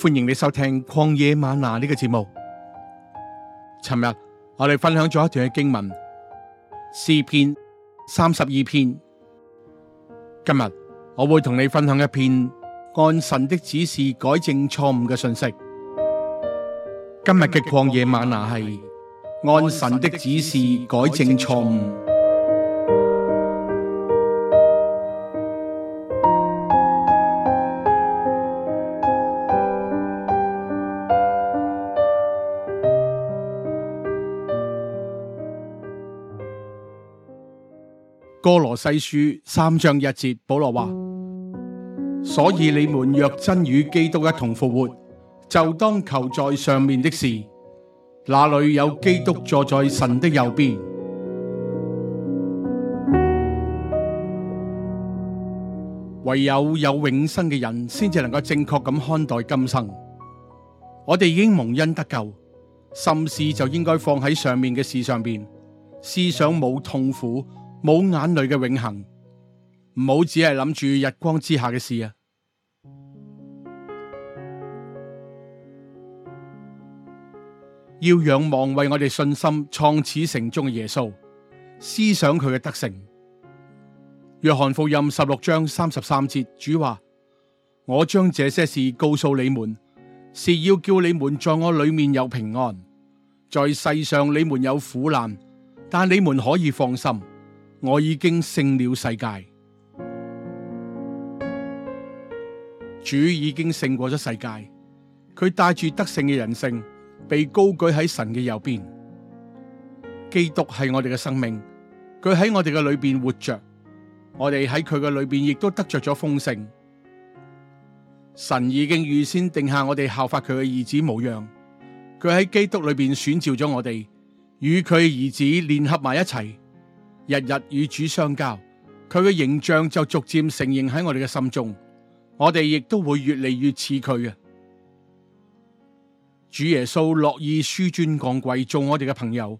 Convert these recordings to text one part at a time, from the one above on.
歡迎你收聽曠野嗎哪呢個節目。尋日我哋分享咗一段嘅經文，詩篇三十二篇。今日我會同你分享一篇按神的指示改正錯誤嘅信息。今日嘅曠野嗎哪係按神的指示改正錯誤。歌羅西書三章一節，保羅話：所以你們若真與基督一同復活，就當求在上面的事。那裏有基督坐在神的右邊。唯有有永生嘅人，先至能夠正確咁看待今生。我哋已經蒙恩得救，心思就應該放喺上面嘅事上邊，思想冇痛苦。冇眼淚嘅永恒，唔好只係諗住日光之下嘅事啊！要仰望為我哋信心創始成終嘅耶穌，思想佢嘅德性。約翰福音十六章三十三節，主話：我將這些事告訴你們，是要叫你們在我裏面有平安。在世上你們有苦難，但你們可以放心。我已經勝了世界，主已經勝過咗世界。佢帶住得勝嘅人性，被高舉喺神嘅右邊。基督係我哋嘅生命，佢喺我哋嘅裏邊活着，我哋喺佢嘅裏邊亦都得着咗豐盛。神已經預先定下我哋效法佢嘅兒子模樣，佢喺基督裏邊選召咗我哋，與佢兒子聯合埋一齊。日日與主相交，佢嘅形象就逐漸成形喺我哋嘅心中，我哋亦都會越嚟越似佢啊！主耶穌樂意紆尊降貴做我哋嘅朋友，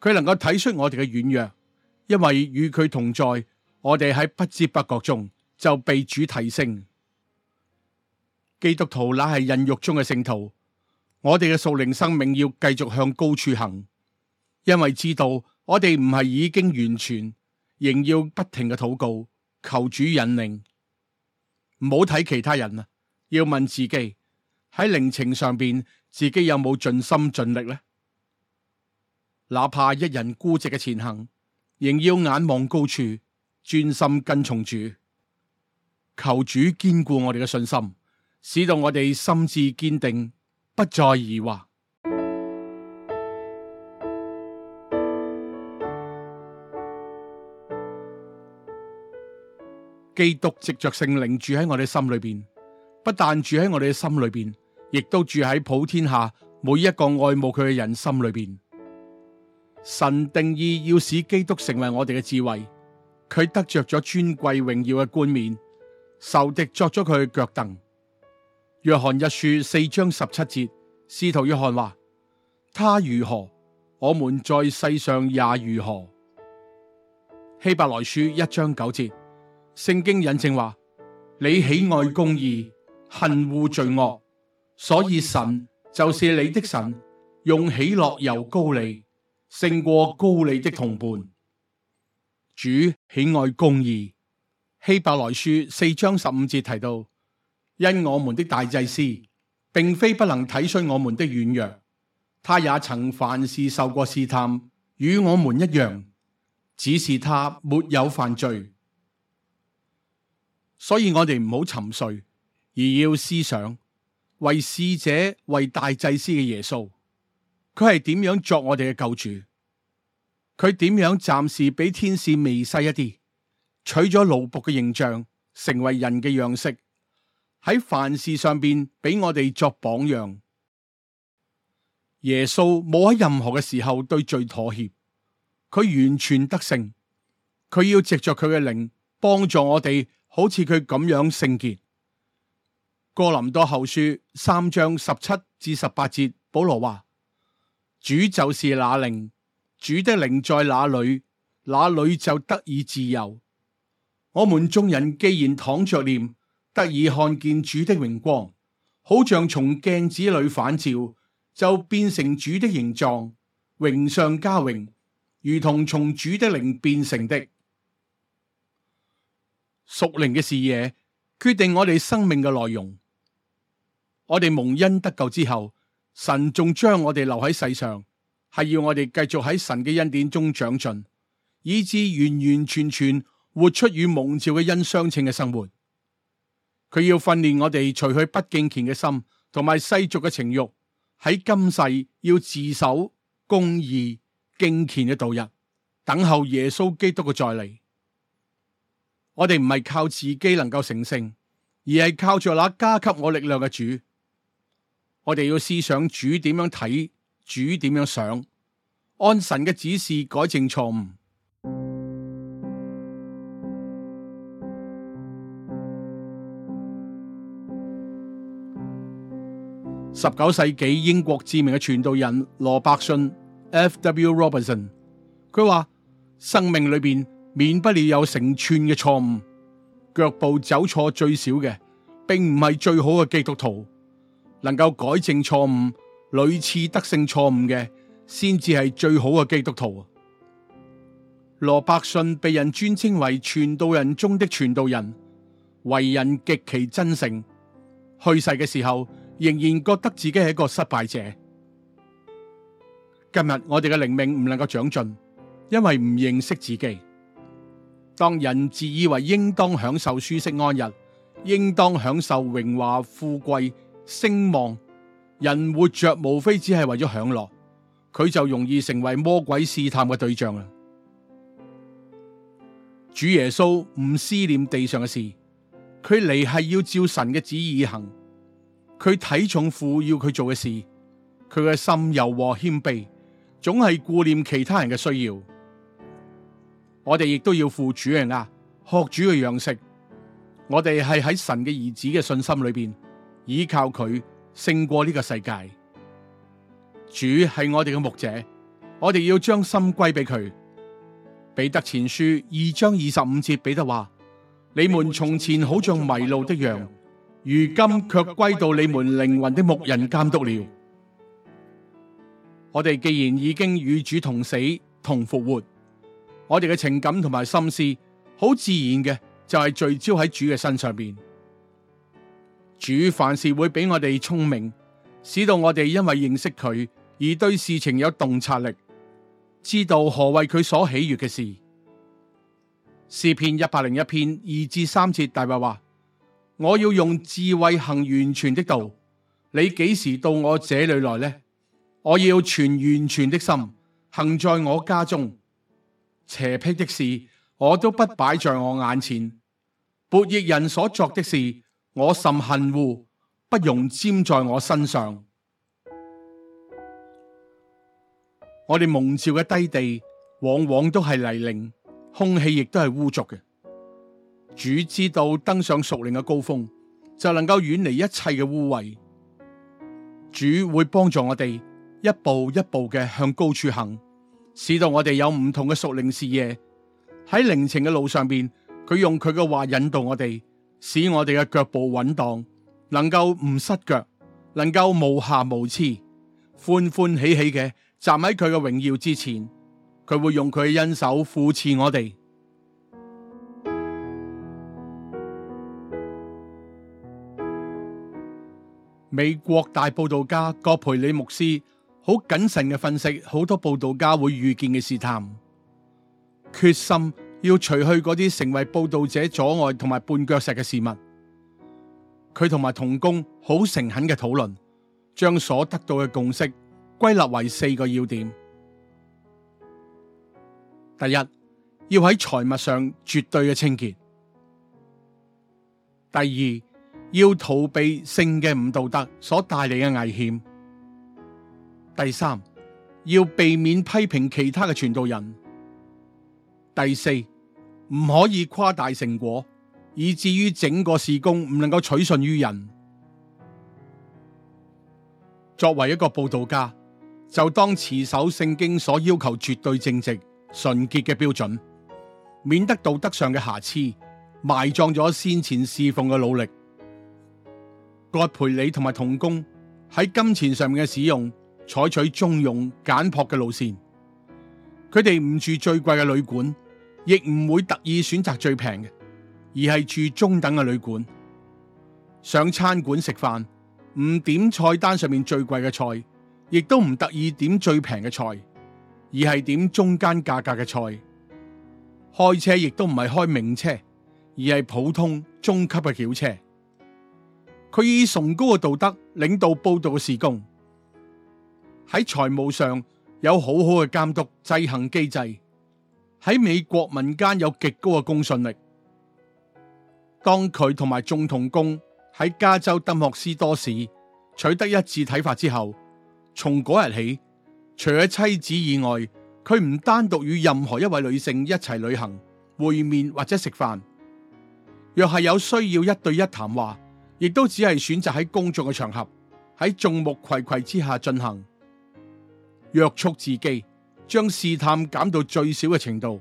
佢能夠睇出我哋嘅軟弱，因為與佢同在，我哋喺不知不覺中就被主提升。基督徒乃係孕育中嘅聖徒，我哋嘅屬靈生命要繼續向高處行，因為知道。我哋唔係已經完全，仍要不停嘅禱告，求主引領。唔好睇其他人啊，要問自己喺靈情上邊，自己有冇盡心盡力呢？哪怕一人孤寂嘅前行，仍要眼望高處，專心跟從主。求主堅固我哋嘅信心，使到我哋心智堅定，不再疑惑。基督藉著聖靈住喺我哋心裏邊，不但住喺我哋嘅心裏邊，亦都住喺普天下每一個愛慕佢嘅人心裏邊。神定義要使基督成為我哋嘅智慧，佢得着咗尊貴榮耀嘅冠冕，仇敵作咗佢嘅腳凳。約翰一書四章十七節，司徒約翰話：「他如何，我們在世上也如何。希伯來書一章九節。聖經引證話：你喜愛公義，恨惡罪惡，所以神就是你的神，用喜樂油膏你，勝過膏你的同伴。主喜愛公義，希伯來書四章十五節提到：因我們的大祭司並非不能體恤我們的軟弱，他也曾凡事受過試探，與我們一樣，只是他沒有犯罪。所以我哋唔好沉睡，而要思想為使者為大祭司嘅耶穌，佢係點樣作我哋嘅救主？佢點樣暫時俾天使微細一啲，取咗奴僕嘅形象，成為人嘅樣式，喺凡事上邊俾我哋作榜樣。耶穌冇喺任何嘅時候對罪妥協，佢完全得勝。佢要借着佢嘅靈幫助我哋。好似佢咁樣聖潔。哥林多後書三章十七至十八節，保羅話：主就是那靈，主的靈在哪裏，那裏就得以自由。我們眾人既然躺着念，得以看見主的榮光，好像從鏡子裏反照，就變成主的形狀，榮上加榮，如同從主的靈變成的。屬靈嘅視野決定我哋生命嘅內容。我哋蒙恩得救之後，神仲將我哋留喺世上，係要我哋繼續喺神嘅恩典中長進，以至完完全全活出與蒙召嘅恩相稱嘅生活。佢要訓練我哋除去不敬虔嘅心，同埋世俗嘅情欲，喺今世要自守公義敬虔嘅度日，等候耶穌基督嘅再嚟。我哋唔係靠自己能夠成聖，而係靠住那加給我力量嘅主。我哋要思想主點樣睇，主點樣想，按神嘅指示改正錯誤。十九世紀英國知名嘅傳道人羅伯遜 （F. W. Robertson） 佢話：生命裏邊。免不了有成串嘅錯誤，腳步走錯最少嘅，並唔係最好嘅基督徒。能夠改正錯誤、屢次得勝錯誤嘅，先至係最好嘅基督徒。羅伯遜被人尊稱為傳道人中的傳道人，為人極其真誠。去世嘅時候，仍然覺得自己係一個失敗者。今日我哋嘅靈命唔能夠長進，因為唔認識自己。當人自以為應當享受舒適安逸，應當享受榮華富貴、聲望，人活着無非只係為咗享樂，佢就容易成為魔鬼試探嘅對象啦。主耶穌唔思念地上嘅事，佢嚟係要照神嘅旨意行，佢睇重，父要佢做嘅事，佢嘅心柔和謙卑，總係顧念其他人嘅需要。我哋亦都要負主嘅軛，學主嘅樣式。我哋係喺神嘅兒子嘅信心裏邊，依靠佢勝過呢個世界。主係我哋嘅牧者，我哋要將心歸俾佢。彼得前書二章二十五節，彼得話：你們從前好像迷路的羊，如今卻歸到你們靈魂的牧人監督了。我哋既然已經與主同死，同復活。我哋嘅情感同埋心思，好自然嘅就係聚焦喺主嘅身上邊。主凡事會俾我哋聰明，使到我哋因為認識佢而對事情有洞察力，知道何謂佢所喜悦嘅事。詩篇一百零一篇二至三節，大衛話：我要用智慧行完全的道。你幾時到我這裏來呢？我要存完全的心行在我家中。邪僻的事我都不擺在我眼前，悖逆人所作的事我甚恨惡，不容沾在我身上。 我哋蒙召嘅低地，往往都係泥濘，空氣亦都係污濁。主知道登上屬靈嘅高峰，就能夠遠離一切嘅污穢。主會幫助我哋一步一步嘅向高處行。使到我哋有唔同嘅屬靈視野，喺靈程嘅路上邊，佢用佢嘅話引導我哋，使我哋嘅腳步穩當，能夠唔失腳，能夠無瑕無疵，歡歡喜喜嘅站喺佢嘅榮耀之前，佢會用佢嘅恩手扶持我哋。美國大布道家葛培理牧師，好謹慎嘅分析，好多布道家會遇見嘅試探，決心要除去嗰啲成為布道者阻礙同埋絆腳石嘅事物。佢同埋同工好誠懇嘅討論，將所得到嘅共識歸納為四個要點：第一，要喺財物上絕對嘅清潔；第二，要逃避性嘅唔道德所帶嚟嘅危險。第三，要避免批評其他嘅傳道人。第四，唔可以誇大成果，以至於整個事工唔能夠取信於人。作為一個報道家，就當持守聖經所要求絕對正直、純潔嘅標準，免得道德上嘅瑕疵埋葬咗先前侍奉嘅努力。葛培理同埋同工喺金錢上面嘅使用，採取中庸簡樸嘅路線，佢哋唔住最貴嘅旅館，亦唔會特意選擇最平嘅，而係住中等嘅旅館。上餐館食飯，唔點菜單上面最貴嘅菜，亦都唔特意點最平嘅菜，而係點中間價格嘅菜。開車亦都唔係開名車，而係普通中級嘅轎車。佢以崇高嘅道德領導報導嘅事工。喺財務上有好好嘅監督制衡機制，喺美國民間有極高嘅公信力。當佢同埋眾同工喺加州德莫斯多市取得一致睇法之後，從嗰日起，除咗妻子以外，佢唔單獨與任何一位女性一齊旅行、會面或者食飯。若係有需要一對一談話，亦都只係選擇喺公眾嘅場合，喺眾目睽睽之下進行。約束自己，將試探減到最少嘅程度。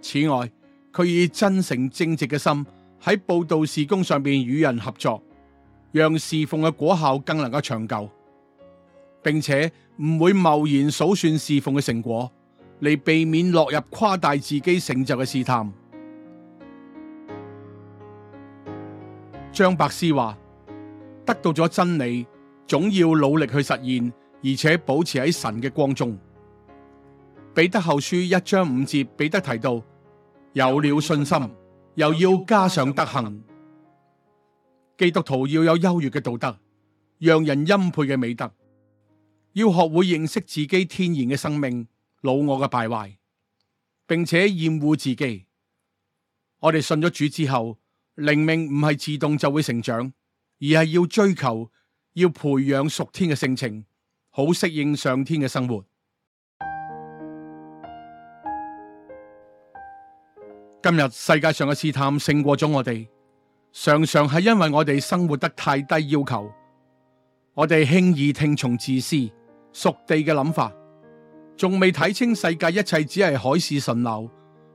此外，佢以真誠正直嘅心喺布道事工上邊與人合作，讓侍奉嘅果效更能夠長久，並且唔會貿然數算侍奉嘅成果，嚟避免落入誇大自己成就嘅試探。張伯斯話：得到咗真理，總要努力去實現。而且保持喺神嘅光中。彼得後書一章五節，彼得提到，有了信心，又要加上德行。基督徒要有優越嘅道德，讓人欽佩嘅美德。要學會認識自己天然嘅生命、老我嘅敗壞，並且厭惡自己。我哋信咗主之後，靈命唔係自動就會成長，而係要追求，要培養屬天嘅性情。好適應上天嘅生活。今日世界上嘅試探勝過咗我哋，常常係因為我哋生活得太低要求，我哋輕易聽從自私屬地嘅諗法，仲未睇清世界一切只係海市蜃樓，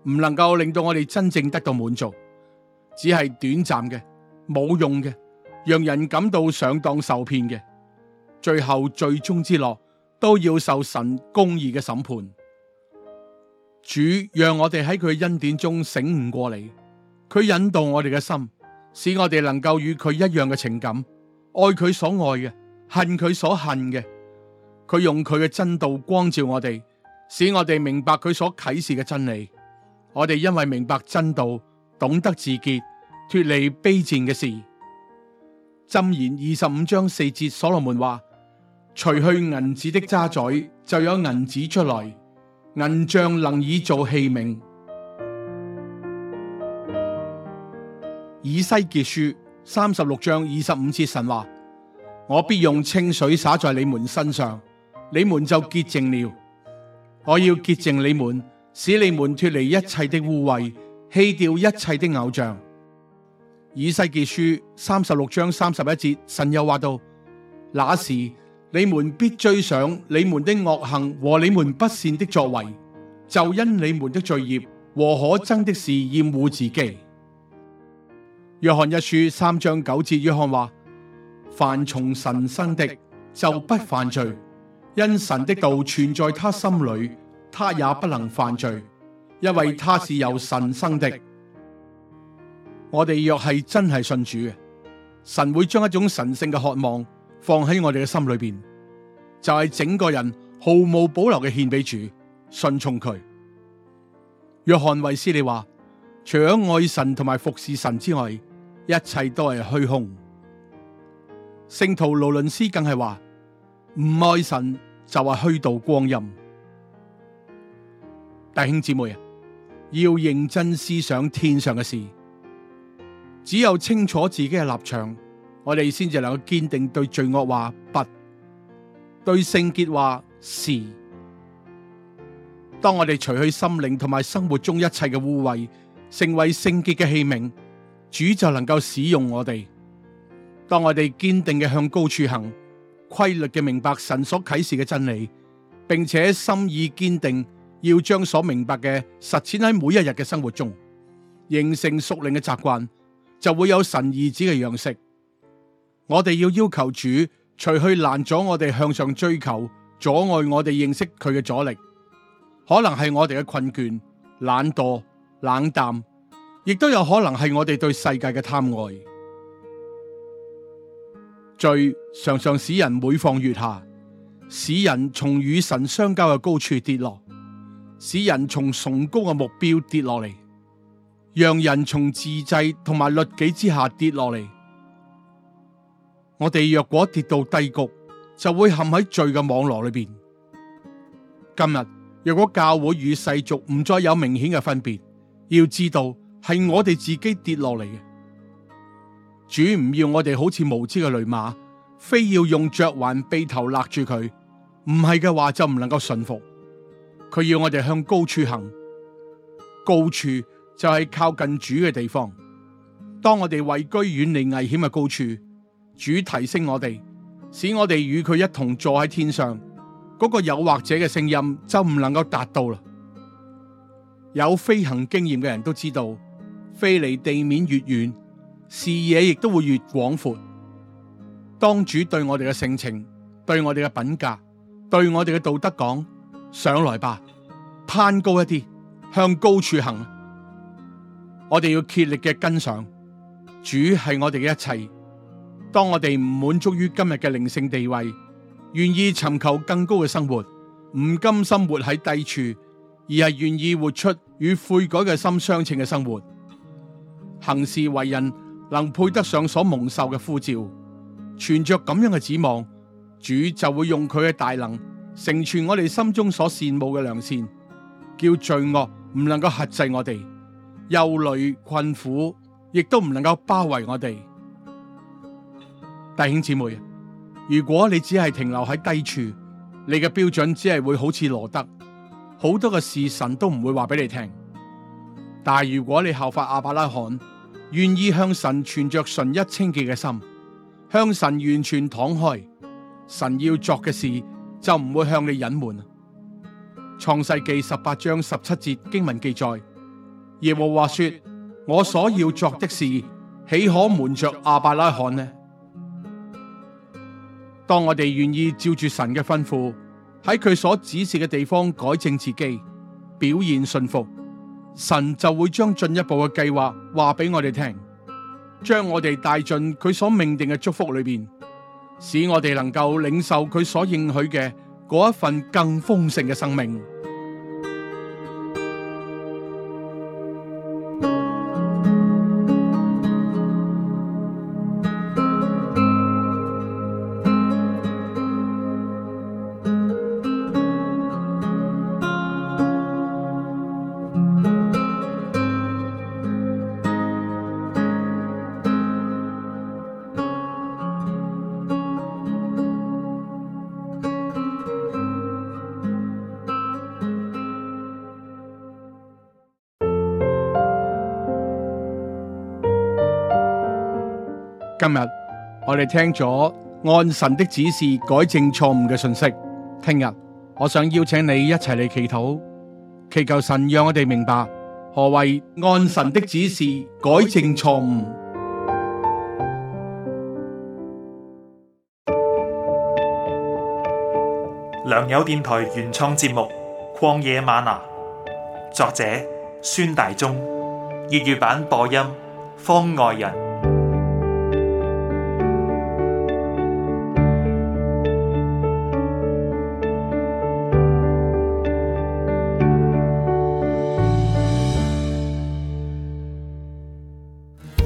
唔能夠令到我哋真正得到滿足，只係短暫嘅、冇用嘅，讓人感到上當受騙嘅。最後最終之樂都要受神公義嘅審判。主讓我哋喺佢恩典中醒悟過嚟，佢引導我哋嘅心，使我哋能夠與佢一樣嘅情感，愛佢所愛嘅，恨佢所恨嘅。佢用佢嘅真道光照我哋，使我哋明白佢所啟示嘅真理。我哋因為明白真道，懂得自潔，脱離卑賤嘅事。箴言二十五章四節，所羅門話。除去銀子的渣滓，就有銀子出來。銀匠能以做器皿。以西結書三十六章二十五節，神話：我必用清水灑在你們身上，你們就潔淨了。我要潔淨你們，使你們脫離一切的污穢，棄掉一切的偶像。以西結書三十六章三十一節神又話道：那時。你們必追想你們的惡行和你們不善的作為，就因你們的罪孽和可憎的事厭惡自己。約翰一書三章九節，約翰話：凡從神生的就不犯罪，因神的道存在他心裏，他也不能犯罪，因為他是由神生的。我哋若係真係信主，神會將一種神聖嘅渴望。放喺我哋嘅心裏邊，就係整個人毫無保留嘅獻俾主，順從佢。約翰衛斯利話，除咗愛神同埋服侍神之外，一切都係虛空。聖徒勞倫斯更係話，唔愛神就係虛度光陰。弟兄姊妹啊，要認真思想天上嘅事，只有清楚自己嘅立場。我哋先至能夠堅定對罪惡話不，對聖潔話是。當我哋除去心靈同埋生活中一切嘅污穢，成為聖潔嘅器皿，主就能夠使用我哋。當我哋堅定嘅向高處行，規律嘅明白神所啟示嘅真理，並且心意堅定要將所明白嘅實踐喺每一日嘅生活中，形成熟練嘅習慣，就會有神兒子嘅樣式。我哋要要求主除去攔阻我哋向上追求、阻礙我哋認識佢嘅阻力，可能係我哋嘅困倦、懶惰、冷淡，亦都有可能係我哋對世界嘅貪愛。罪常常使人每況愈下，使人從與神相交嘅高處跌落，使人從崇高嘅目標跌落嚟，讓人從自制同埋律己之下跌落嚟。我哋若果跌到低谷，就會陷喺罪嘅網絡裏邊。今日若果教會與世俗唔再有明顯嘅分別，要知道係我哋自己跌落嚟嘅。主唔要我哋好似無知嘅騾馬，非要用嚼環、轡頭勒住佢。唔係嘅話就唔能夠馴服。佢要我哋向高處行，高處就係靠近主嘅地方。當我哋位居遠離危險嘅高處。主提升我哋，使我哋與佢一同坐喺天上，嗰個誘惑者嘅聲音就唔能夠達到啦。有飛行經驗嘅人都知道，飛離地面越遠，視野亦都會越廣闊。當主對我哋嘅性情、對我哋嘅品格、對我哋嘅道德講，上來吧，攀高一啲，向高處行。我哋要竭力嘅跟上，主係我哋嘅一切。當我哋唔滿足於今日嘅靈性地位，願意尋求更高嘅生活，唔甘心活喺低處，而係願意活出與悔改嘅心相稱嘅生活，行事為人能配得上所蒙受嘅呼召，存着咁樣嘅指望，主就會用佢嘅大能成全我哋心中所羨慕嘅良善，叫罪惡唔能夠轄制我哋，憂慮困苦亦都唔能夠包圍我哋。弟兄姊妹，如果你只係停留喺低處，你嘅標準只係會好似羅得，好多嘅事神都唔會話俾你聽。但係如果你效法亞伯拉罕，願意向神存着純一清潔嘅心，向神完全敞開，神要作嘅事就唔會向你隱瞞。創世記十八章十七節經文記載：耶和華說，我所要作的事，豈可瞞着亞伯拉罕呢？當我哋願意照住神嘅吩咐，喺佢所指示嘅地方改正自己，表現信服，神就會將進一步嘅計劃話俾我哋聽，將我哋帶進佢所命定嘅祝福裏邊，使我哋能夠領受佢所應許嘅嗰一份更豐盛嘅生命。今日我哋聽咗按神的指示改正錯誤嘅信息，聽日我想邀請你一齊嚟祈禱，祈求神讓我哋明白何為按神的指示改正錯誤。良友電台原創節目《曠野嗎哪》，作者孫大中，粵語版播音方外人。